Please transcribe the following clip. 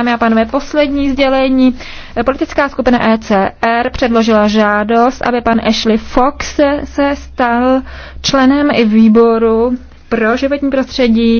dámy a pánové, poslední sdělení. Politická skupina ECR předložila žádost, aby pan Ashley Fox se stal členem i výboru pro životní prostředí.